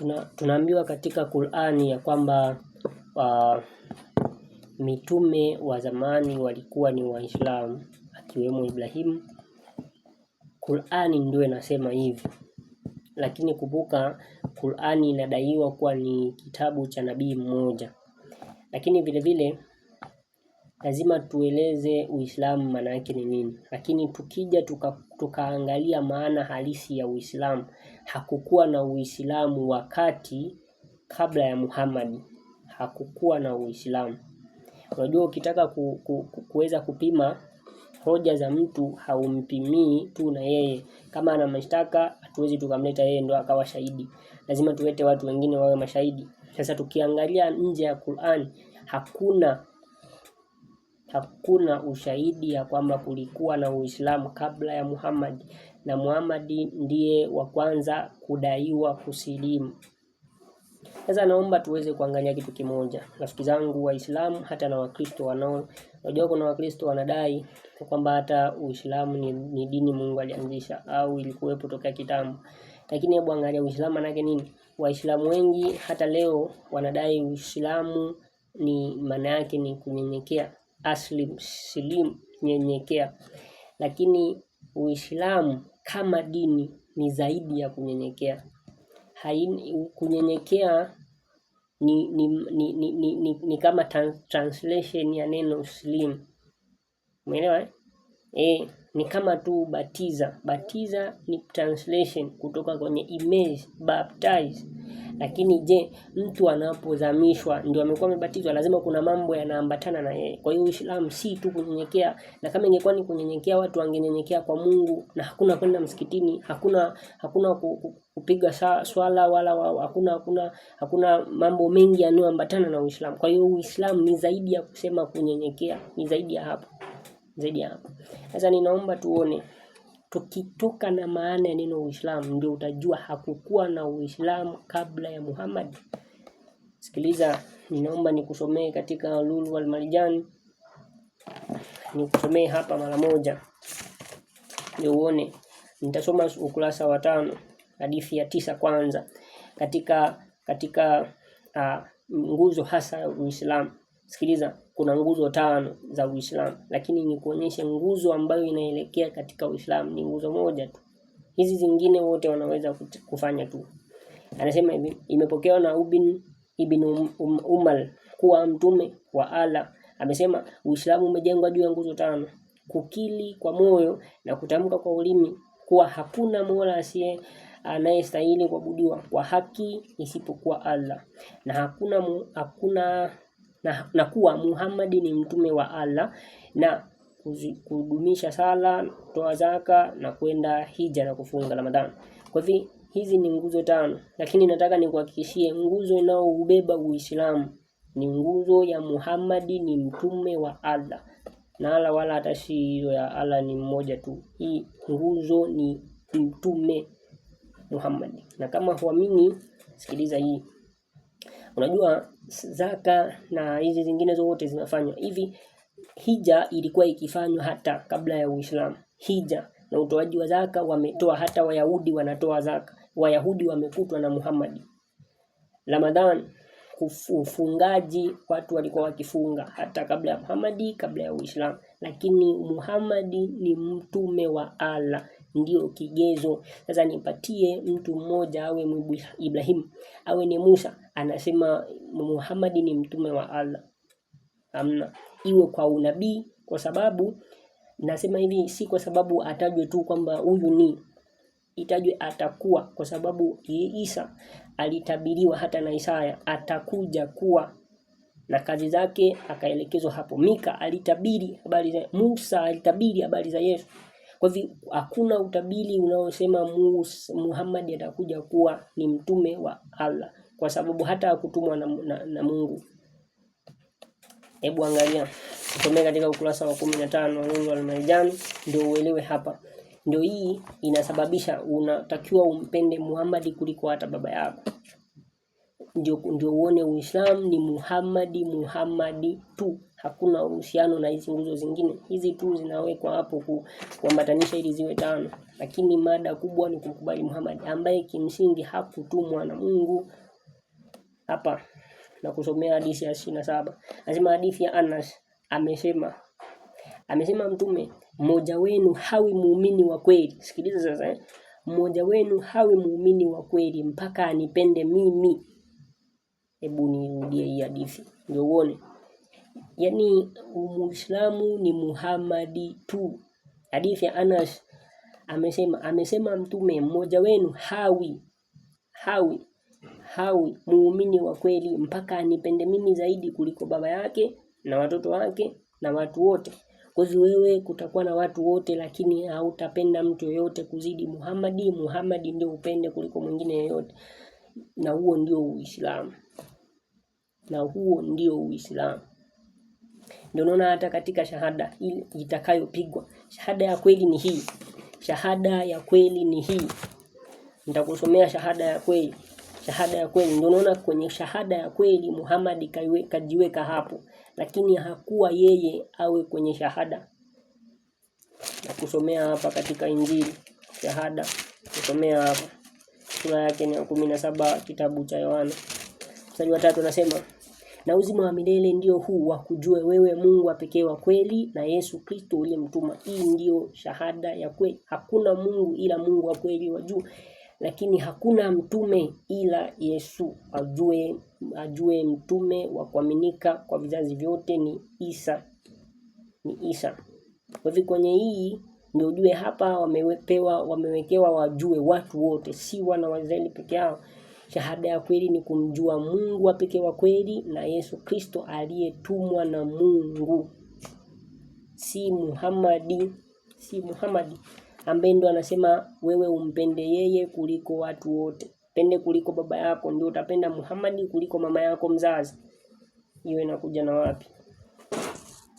tuna, tunaambiwa katika Qur'ani ya kwamba uh, mitume wa zamani walikuwa ni Waislamu akiwemo Ibrahimu. Qur'ani ndio inasema hivi, lakini kumbuka Qur'ani inadaiwa kuwa ni kitabu cha nabii mmoja, lakini vile vile lazima tueleze Uislamu maana yake ni nini, lakini tukija tuka, tukaangalia maana halisi ya Uislamu, hakukuwa na Uislamu wakati kabla ya Muhammad, hakukuwa na Uislamu. Unajua, ukitaka ku, ku, ku, kuweza kupima hoja za mtu haumpimii tu na yeye. Kama ana mashtaka, hatuwezi tukamleta yeye ndo akawa shahidi, lazima tuwete watu wengine wawe mashahidi. Sasa tukiangalia nje ya Qur'an, hakuna hakuna ushahidi ya kwamba kulikuwa na Uislamu kabla ya Muhammad, na Muhammad ndiye wa kwanza kudaiwa kusilimu. Sasa naomba tuweze kuangalia kitu kimoja, rafiki zangu Waislamu hata na Wakristo wanao, unajua kuna Wakristo wanadai kwamba hata Uislamu ni, ni dini Mungu alianzisha au ilikuwepo tokea kitambo, lakini hebu angalia Uislamu manake nini? Waislamu wengi hata leo wanadai Uislamu ni maana yake ni kunyenyekea aslim, silim nyenyekea. Lakini Uislamu kama dini ni zaidi ya kunyenyekea. kunyenyekea ni, ni, ni, ni, ni, ni, ni kama translation ya neno slim. Umeelewa eh? E, ni kama tu batiza. Batiza ni translation kutoka kwenye image, baptize. Lakini je, mtu anapozamishwa ndio amekuwa amebatizwa, lazima kuna mambo yanaambatana na yeye. Kwa hiyo Uislamu si tu kunyenyekea, na kama ingekuwa ni kunyenyekea, watu wangenyenyekea kwa Mungu, na hakuna kwenda msikitini, hakuna hakuna kupiga swala wala wa, hakuna hakuna hakuna mambo mengi yanayoambatana na Uislamu. Kwa hiyo Uislamu ni zaidi ya kusema kunyenyekea, ni zaidi ya hapo, zaidi ya hapo. Sasa ninaomba tuone tukitoka na maana ya neno Uislamu ndio utajua hakukuwa na Uislamu kabla ya Muhammad. Sikiliza, ninaomba nikusomee katika lulu wal Marjan, nikusomee hapa mara moja ndio uone. Nitasoma ukurasa wa tano hadithi ya tisa kwanza katika katika uh, nguzo hasa ya Uislamu Sikiliza, kuna nguzo tano za Uislamu, lakini ni kuonyesha nguzo ambayo inaelekea katika Uislamu ni nguzo moja tu. Hizi zingine wote wanaweza kufanya tu. Anasema hivi, imepokewa na Ubin Ibn um-, um, Umal kuwa mtume wa Allah amesema, Uislamu umejengwa juu ya nguzo tano: kukili kwa moyo na kutamka kwa ulimi kuwa hakuna mola asiye anayestahili kuabudiwa kwa haki isipokuwa Allah na hakuna mu, hakuna na, na kuwa Muhammadi ni mtume wa Allah na kudumisha sala, kutoa zaka na kwenda hija na kufunga Ramadhani. Kwa hivyo hizi ni nguzo tano, lakini nataka nikuhakikishie nguzo inayoubeba Uislamu ni nguzo ya Muhammadi ni mtume wa Allah na ala wala hata si hiyo ya Allah ni mmoja tu. Hii nguzo ni mtume Muhammad, na kama huamini, sikiliza hii. Unajua zaka na hizi zingine zote zinafanywa hivi. Hija ilikuwa ikifanywa hata kabla ya Uislamu. Hija na utoaji wa zaka wametoa hata Wayahudi wanatoa zaka. Wayahudi wamekutwa na Muhammad. Ramadhan, ufungaji, watu walikuwa wakifunga hata kabla ya Muhammad, kabla ya Uislamu, lakini Muhammad ni mtume wa Allah ndio kigezo. Sasa nipatie mtu mmoja awe Ibrahim awe ni Musa, anasema Muhammadi ni mtume wa Allah. Amna, iwe kwa unabii, kwa sababu nasema hivi, si kwa sababu atajwe tu kwamba huyu ni itajwe atakuwa, kwa sababu Isa alitabiriwa hata na Isaya atakuja kuwa na kazi zake akaelekezwa hapo. Mika alitabiri habari za Musa, alitabiri habari za Yesu. Kwa hivyo hakuna utabiri unaosema Muhammad atakuja kuwa ni mtume wa Allah kwa sababu hata hakutumwa na, na, na Mungu. Hebu angalia tusomee katika ukurasa wa 15 wa Nuru al-Marjan ndio uelewe hapa. Ndio hii inasababisha unatakiwa umpende Muhammad kuliko hata baba yako. Ndio ndio uone Uislamu ni Muhammadi Muhammadi tu hakuna uhusiano na hizi nguzo zingine. Hizi tu zinawekwa hapo kuambatanisha ili ziwe tano, lakini mada kubwa ni kumkubali Muhammad ambaye kimsingi hakutumwa na Mungu. Hapa na kusomea hadithi ya ishirini na saba anasema hadithi ya Anas amesema amesema Mtume, mmoja wenu hawi muumini wa kweli. Sikiliza sasa eh? Mmoja wenu hawi muumini wa kweli mpaka anipende mimi. Hebu nirudie hii hadithi ndio uone yani muislamu ni Muhammadi tu. Hadithi ya Anas amesema amesema mtume mmoja wenu hawi hawi hawi muumini wa kweli mpaka anipende mimi zaidi kuliko baba yake na watoto wake na watu wote. Kwa hiyo wewe kutakuwa na watu wote, lakini hautapenda mtu yoyote kuzidi Muhammadi. Muhammadi ndio upende kuliko mwingine yoyote, na huo ndio Uislamu, na huo ndio Uislamu. Ndio unaona hata katika shahada ile itakayopigwa, shahada ya kweli ni hii, shahada ya kweli ni hii. Nitakusomea shahada ya kweli, shahada ya kweli. Ndio unaona kwenye shahada ya kweli Muhammad kajiweka hapo, lakini hakuwa yeye awe kwenye shahada. Nakusomea hapa katika Injili shahada, kusomea hapa sura yake ni ya kumi na saba kitabu cha Yohana mstari wa tatu, anasema na uzima wa milele ndio huu wa kujue wewe Mungu pekee wa kweli na Yesu Kristo uliyemtuma. Hii ndiyo shahada ya kweli. Hakuna Mungu ila Mungu wa kweli wa juu lakini hakuna mtume ila Yesu. Ajue ajue mtume wa kuaminika kwa vizazi vyote ni Isa, ni Isa. Kwa hivyo kwenye hii ndio ujue hapa wamepewa, wamewekewa wajue watu wote, si wana wa Israeli peke yao. Shahada ya kweli ni kumjua Mungu wa pekee wa kweli na Yesu Kristo aliyetumwa na Mungu, si Muhamadi, si Muhammad ambaye ndo anasema wewe umpende yeye kuliko watu wote, pende kuliko baba yako, ndio utapenda Muhammad kuliko mama yako mzazi. Hiyo inakuja na wapi?